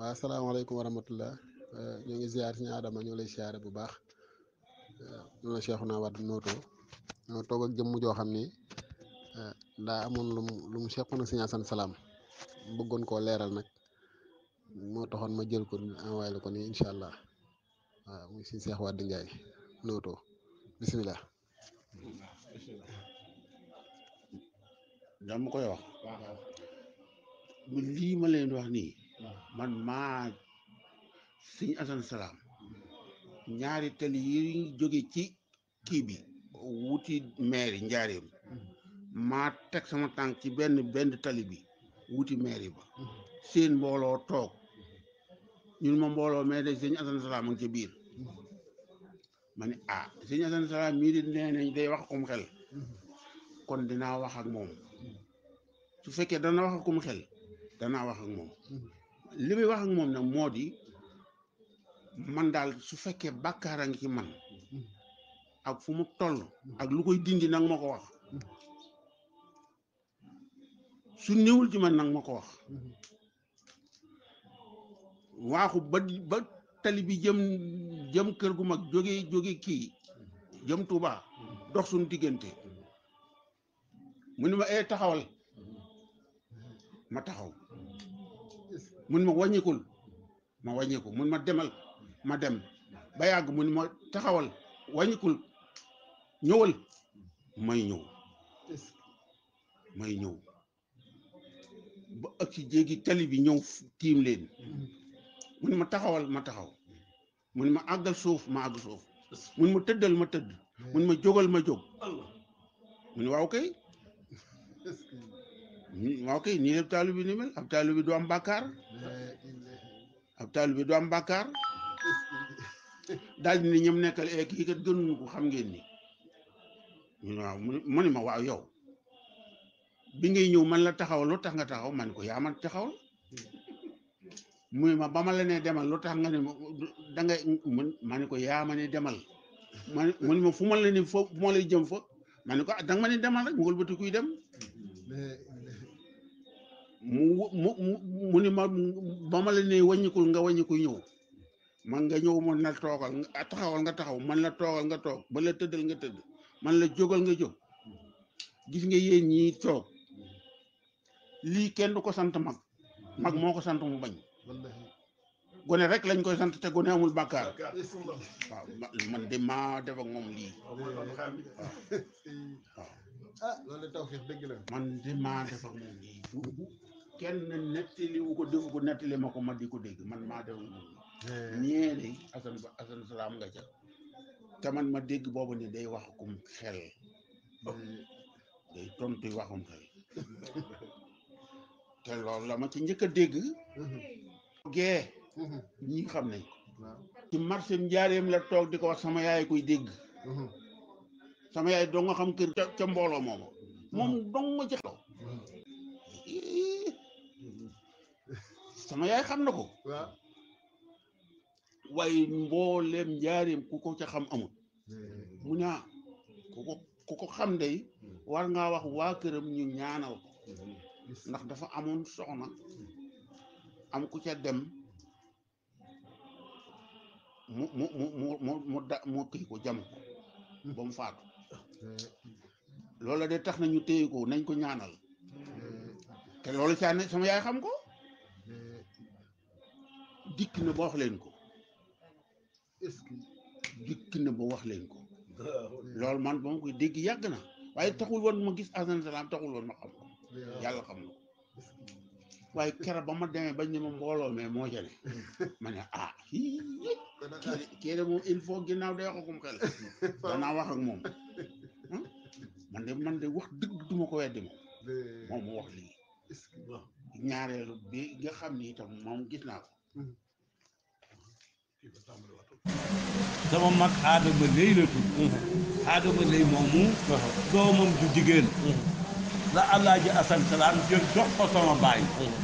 waaw asalaamaaleykum wa rahmatullah euh, ñu ngi ziar si Adama lay siyaare bu baax ñun euh, la Cheikh Noto ñoo toog ak jëmm joo xam ni euh, daa amoon lu mu lu mu seqoon ak Sëñ Salaam bëggoon koo leeral nag moo taxoon ma jël ko envoyé la ko nii incha allah waaw muy si Cheikh Wade Ndiaye Noto bisimilah. dama koy wax. lii ma leen wax nii. man maa suñu asan salaam ñaari tali yi jóge ci kii bi wuti maire yi njaareem maa teg sama tànk ci benn benn tali bi wuti maire ba seen mbooloo toog ñun ma mbooloo mais de sëñ asan salaam a ngi biir ma ne ah sëñ asan salaam mii di nee nañ day wax akum xel kon dinaa wax ak moom su fekkee dana wax akum xel danaa wax ak moom li muy wax moom nag moo di man daal su fekkee bàkkaar a ngi ci man ak fu mu toll ak lu koy dindi nag ma ko wax su néewul ci man nag ma ko wax waaxu ba ba tali bi jëm jëm kër gu mag jóge jóge kii jëm Tuuba dox suñu diggante mu ne ma ee eh, taxawal ma taxaw mën ma wàññikul ma wàññiku mun ma demal ma dem ba yàgg mun ma taxawal wàññikul ñëwal may ñëw may ñëw ba ak ci jéegi tali bi ñëw tiim leen mun ma taxawal ma taxaw mun ma àggal suuf ma àgg suuf mun ma tëddal ma tëdd mun ma jogal ma jóg mun waaw kay waaw kay nii ab taalu bi ni mel ab taalu bi du am bàkkaar ab taalibe du am bàkkaar daal di ne ñoom nekkal e kii kat ko xam ngeen nii ñu ne ma waaw yow bi ngay ñëw man la taxaw lu tax nga taxaw man ko yaa ma demal lu ne ma ko yaa ma mu ne ma fu ma la ne fo fu ma lay jëm fa ma ko ah da nga ma ne demal rek mu wëlbati kuy dem. mu mu mu ni ma ba ma la ne wàññikul nga wàññiku ñëw man nga ñëw man na toogal nga ah, taxawal nga taxaw man la toogal nga toog man la tëddal nga tëdd man la jógal nga jóg gis nga yéen ñii toog lii kenn du ko sant mag mag moo ko sant mu bañ gone rek lañ koy sant te gone amul bàkkaar waaw man de maa def ak moom lii waaw ah loolu tawfiix dëgg la man de maa def ak moom lii kenn nettaliwu ko defu ko nettali ma ko ma di ko dégg man maa dem eh. ñee de asan asan salaam nga ca te man ma dégg boobu ni day wax kum xel oh. day tontu waxum xel te loolu la ma ci njëkk a dégg mm-hmm. gee mm-hmm. ñi xam nañ ci marché njaareem la toog di ko wax sama yaay kuy dégg mm-hmm. sama yaay doo nga xam kër ca mbooloo mooma moom dong ci sama yaay xam na ko. waaw waaye mbooleem njaareem ku ko ca xam amul. Mm-hmm. mu ñaa ah, ku ko ku ko xam day mm-hmm. war ngaa wax waa këram ñu ñaanal mm-hmm. ndax dafa amoon soxna am ku ca dem mu mu mu mu da mu kii ko jam ko ba mu loola de tax na ñu téye ko nañ ko ñaanal te loolu sama yaay xam ko. dikk na ba wax leen ko est wax leen ko loolu man ba ma koy dégg yàgg na waaye taxul woon ma gis asan taxul woon ma xam ko yàlla xam na ko waaye kera ba ma demee bañ ne ma mbooloo mais moo ca ma ne ah kii kii de moom il faut ginnaaw day wax akum xel danaa wax ak moom hmm? man de man de wax dëgg duma ko weddi moom moom mu wax lii ñaareelu bi nga xam ni itam moom gis naa ko sama mag Adama Lay la tudd. Adama Lay moomu. doomam ju jigéen. la Alaaji Asan Salaan jël jox ko sama baay.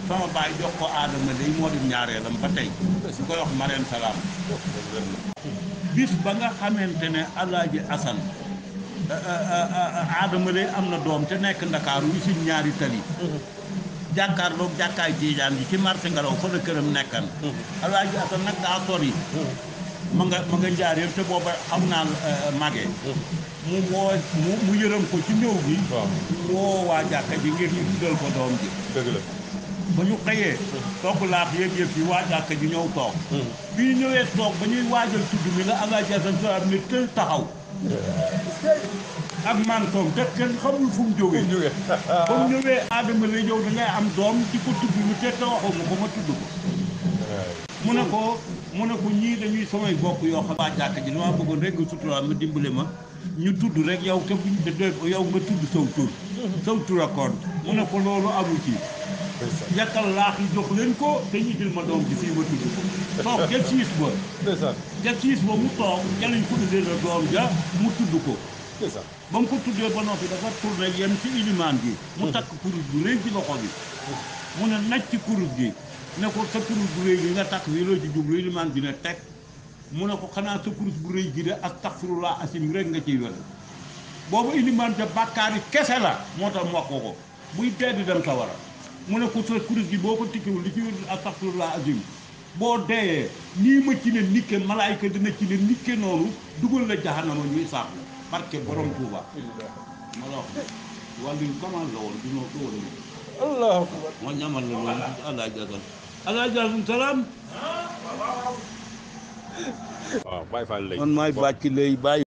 sama baay jox ko Adama Lay moo di ñaareelam ba tey. su koy wax Marème Salaan. bis ba nga xamante ne Alaaji Asan eh, eh, eh, Adama Lay am na doom te nekk Ndakaaru usine ñaari tali. jàkkaarloog jàkkaay jiijaan ji ci marché ngelaw fa la këram nekkan mm-hmm. alaaji asan nag daa sori mm-hmm. ma nga ma nga njaareem te booba xam naa eh, mage mm-hmm. mu woo mu yërëm ko ci ñëw bi woo waa jàkka ji ngir ñu dugal ko doom ji ba ñu xëyee toog laax yëpp yi waa jàkka ji ñëw toog bi ñëwee toog ba ñuy waajal tudd mi la alaaji asan soar ni tël taxaw ak mantoom te kenn xamul fu mu jógee. fu mu jógee ba mu ñëwee Adama la yow da am doom di ko tudd lu te te waxoo ko ma tudd ko. mu ne ko mu ne ko ñii dañuy samay bokk yoo xam. waa jàkk ji dama bëggoon nga dimbale ma ñu tudd rek yow te buñ de yow nga tudd saw tur. saw a ko loolu amu ci. yakkal laax yi jox ko te ñu jël ma doom ji fii ma tudd ko toog ca siis ba ca siis ba mu toog ca ko indee la doom ja mu tudd ko ba mu ko tuddee ba noppi dafa tur rek yem ci ilimaan gi mu hmm. takk kurus bu rëy ci loxo bi mu ne naj ci kurus gi ne ko sa kurus bu rëy gi nga takk fii loo ci jublu ilimaan gi ne teg mu ne ko xanaa sa kurus bu rëy gi de astaxfirullah asim rek nga ciy wet boobu ilimaan ja bàkkaari kese la moo tax mu wax ko ko buy tedd dem sa war a mu ne ko sa kurus gi boo ko tikkiwul li ci wér astaxfirullah asim boo deeyee nii ma ci ne nikke malaayka dina ci ne nikke noonu dugal la jahanama ñuy barke borom Touba. ma la wax wàllu comment la woon dina ko wala allah akbar ma ñamal la loolu alaaji asan alaaji asan salaam waaw Baye Fall lay man maay bàcc lay Baye